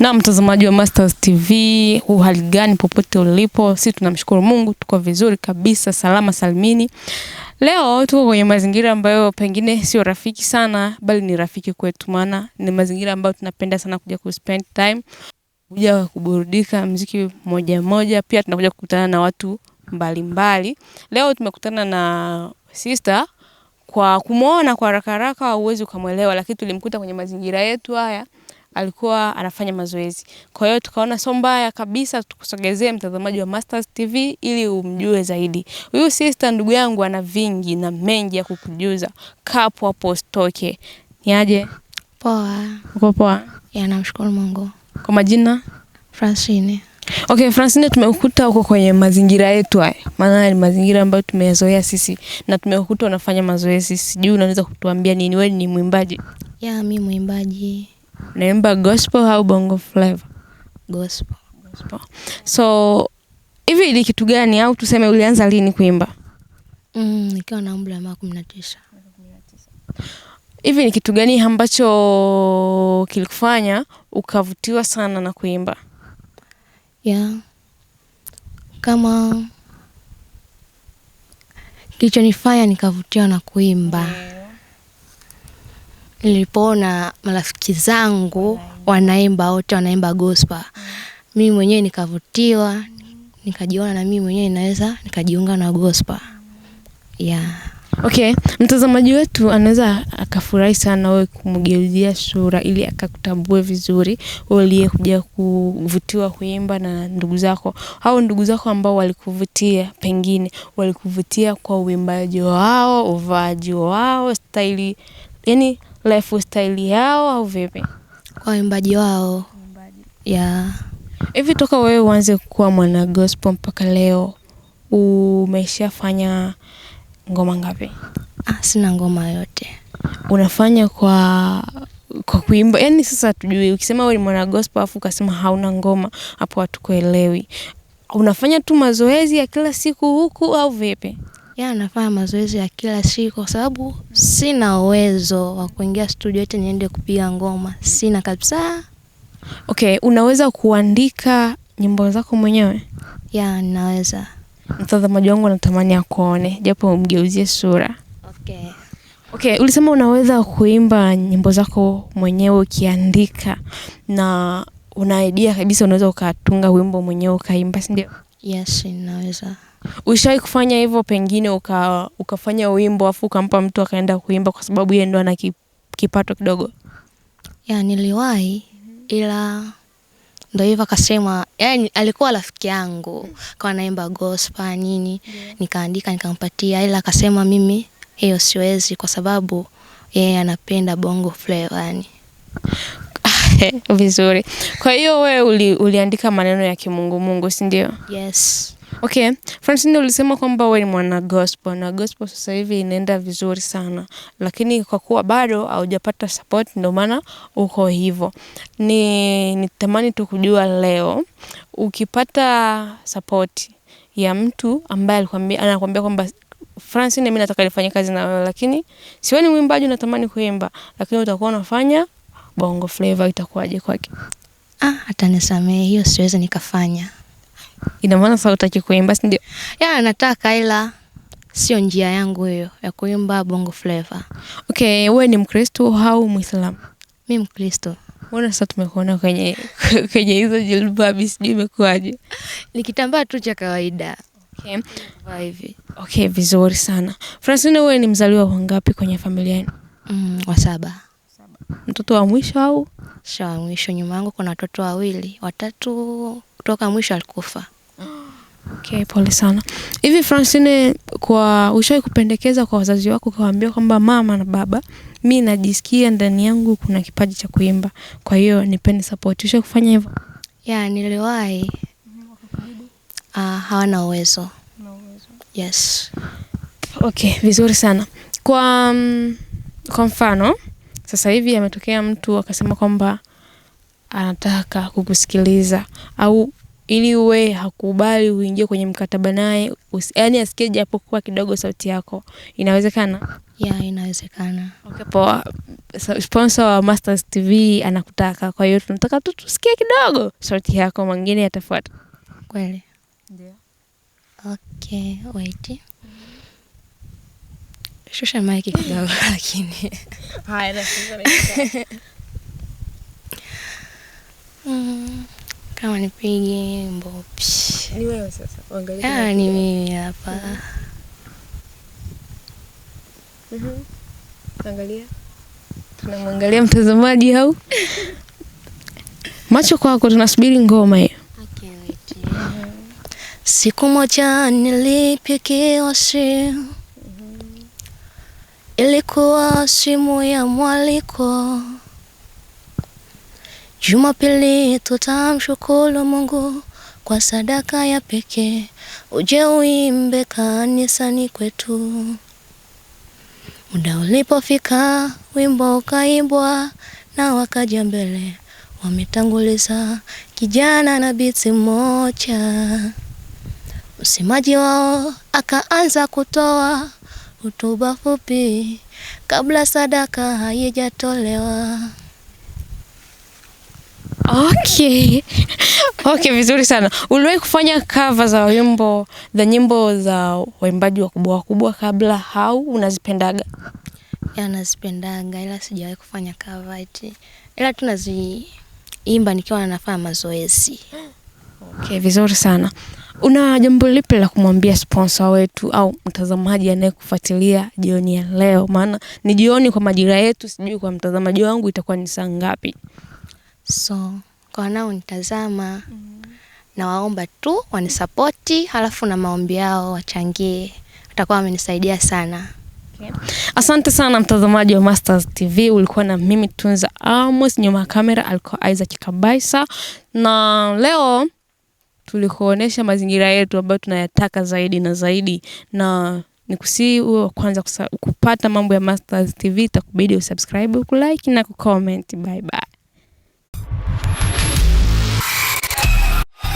Na mtazamaji wa Mastaz TV, uhali gani popote ulipo, Si tunamshukuru Mungu tuko vizuri kabisa, salama salmini. Leo tuko kwenye mazingira ambayo pengine sio rafiki sana, bali ni rafiki kwetu, maana ni mazingira ambayo tunapenda sana kuja ku spend time, kuja kuburudika mziki moja moja, pia tunakuja kukutana na watu mbalimbali mbali. Leo tumekutana na sister kwa kumwona kwa haraka haraka, huwezi ukamwelewa, lakini tulimkuta kwenye mazingira yetu haya alikuwa anafanya mazoezi. Kwa hiyo tukaona sio mbaya kabisa tukusogezee mtazamaji wa Mastaz TV ili umjue zaidi. Huyu sister ndugu yangu ana vingi na mengi ya kukujuza. Kapo hapo stoke. Niaje? Poa. Uko poa? Ya, namshukuru Mungu. Kwa majina? Francine. Okay, Francine, tumekukuta huko kwenye mazingira yetu haya, maana ni mazingira ambayo tumeyazoea sisi na tumekukuta unafanya mazoezi. Sijui unaweza kutuambia nini, wewe ni mwimbaji? Ya, mimi mwimbaji naimba gospel au bongo flava? Gospel. Gospel. So hivi ni kitu gani au tuseme ulianza lini kuimba? Mm, nikiwa na umri wa miaka kumi na tisa. Hivi ni kitu gani ambacho kilikufanya ukavutiwa sana na kuimba? Yeah. Kama kilichonifanya nikavutiwa na kuimba, yeah nilipoona marafiki zangu wanaimba wote wanaimba gospel, mimi mwenyewe nikavutiwa, nikajiona na mimi mwenyewe naweza nikajiunga na gospel yeah. Okay, mtazamaji wetu anaweza akafurahi sana wewe kumgeuzia sura ili akakutambue vizuri, wewe uliyekuja kuvutiwa kuimba na ndugu zako au ndugu zako ambao walikuvutia, pengine walikuvutia kwa uimbaji wao, uvaaji wao, staili yani lifestyle yao au vipi? Kwa waimbaji wao hivi yeah. Toka wewe uanze kuwa mwana gospel mpaka leo umeshafanya ngoma ngapi? Ah, sina ngoma yote. Unafanya kwa kwa kuimba, yani sasa tujui, ukisema wewe ni mwana gospel afu ukasema hauna ngoma, hapo hatukuelewi. Unafanya tu mazoezi ya kila siku huku au vipi? ya yaani nafanya mazoezi ya kila siku kwa sababu sina uwezo wa kuingia studio yote niende kupiga ngoma, sina kabisa. Okay, unaweza kuandika nyimbo zako mwenyewe? Ya, naweza. Mtazamaji wangu anatamani akuone japo umgeuzie sura. Okay. Okay, ulisema unaweza kuimba nyimbo zako mwenyewe ukiandika na una idea kabisa unaweza ukatunga wimbo mwenyewe ukaimba, si ndio? Yes, naweza. Ushawahi kufanya hivyo pengine uka, ukafanya wimbo afu ukampa mtu akaenda kuimba kwa sababu yeye ndo ana kipato kidogo? Ya, niliwahi ila ndo hivyo akasema, yani alikuwa rafiki yangu kawa naimba gospel nini, nikaandika nikampatia, ila akasema mimi hiyo siwezi kwa sababu yeye anapenda bongo flava yani. Vizuri. Kwa hiyo wewe uli, uliandika maneno ya kimungumungu sindio si ndio? Yes. Okay, Francine ulisema kwamba wewe ni mwana gospel na gospel sasa hivi inaenda vizuri sana, lakini kwa kuwa bado haujapata support ndio maana uko hivyo. Ni nitamani tu kujua leo ukipata support ya mtu ambaye alikwambia anakuambia kwamba Francine, mimi nataka nifanye kazi na wewe, lakini ni mwimbaji, unatamani kuimba, lakini utakuwa unafanya bongo flavor, itakuwaje kwake? Ah, atanisamehe hiyo, siwezi nikafanya Ina maana sasa utaki kuimba, si ndio? Ya, nataka ila sio njia yangu hiyo ya kuimba bongo flava. Okay, wewe ni Mkristo au Muislamu? Mi Mkristo. Mbona sasa tumekuona kwenye kwenye hizo jilbabi, sijui imekuwaje? Ni kitambaa tu cha kawaida. Okay. Hivi. Okay, vizuri sana. Francine, wewe ni mzaliwa wangapi kwenye familia yenu? Mm, wa saba. Mtoto wa mwisho au sha mwisho. Nyuma yangu kuna watoto wawili, watatu kutoka mwisho alikufa. Okay, pole sana. Hivi Francine, kwa ushawahi kupendekeza kwa wazazi wako ukawaambia kwamba mama na baba, mi najisikia ndani yangu kuna kipaji cha kuimba, kwa hiyo nipende support. Ushawahi kufanya hivyo? Yeah, niliwahi. Uh, hawana uwezo. Yes. Okay, vizuri sana. Kwa um, kwa mfano sasa hivi ametokea mtu akasema kwamba anataka kukusikiliza au ili we hakubali uingie kwenye mkataba naye, yani asikie japokuwa kidogo sauti yako. Inawezekana ya inawezekana. Okay, poa. Sponsor wa Masters TV anakutaka, kwa hiyo tunataka tu tusikie kidogo sauti yako, mwingine yatafuata kweli. Ndio. Okay, shusha maiki kidogo lakini haya mm, kama nipige mbopi ni wewe sasa angalia ah ni mimi hapa mhm angalia tunamwangalia mtazamaji au macho kwako, tunasubiri ngoma hiyo. Siku moja nilipikiwa simu Ilikuwa simu ya mwaliko, Jumapili tutamshukuru Mungu kwa sadaka ya pekee. Uje uimbe kanisani kwetu. Muda ulipofika, wimbo ukaimbwa na wakaja mbele, wametanguliza kijana na binti mmoja. Msemaji wao akaanza kutoa Hutuba fupi kabla sadaka haijatolewa. Okay. Okay, vizuri sana. Uliwahi kufanya cover za wimbo za nyimbo za waimbaji wakubwa wakubwa kabla au unazipendaga? Ya, nazipendaga ila sijawahi kufanya cover eti. Ila tunaziimba nikiwa nafanya mazoezi. Okay, vizuri sana. Una jambo lipi la kumwambia sponsor wetu au mtazamaji anayekufuatilia jioni ya leo? Maana ni jioni kwa majira yetu, sijui kwa mtazamaji wangu itakuwa ni saa ngapi? So kwa wanaonitazama mm. -hmm. nawaomba tu wanisapoti, halafu na maombi yao wachangie, watakuwa wamenisaidia sana. Okay. Asante sana mtazamaji wa Mastaz TV, ulikuwa na mimi Tunza Amos, nyuma ya kamera alikuwa Isaac Kabaisa, na leo tulikuonesha mazingira yetu ambayo tunayataka zaidi na zaidi, na nikusii uwe wa kwanza kupata mambo ya Mastaz TV. Itakubidi usubscribe, ukulike na kucomment. Bye bye.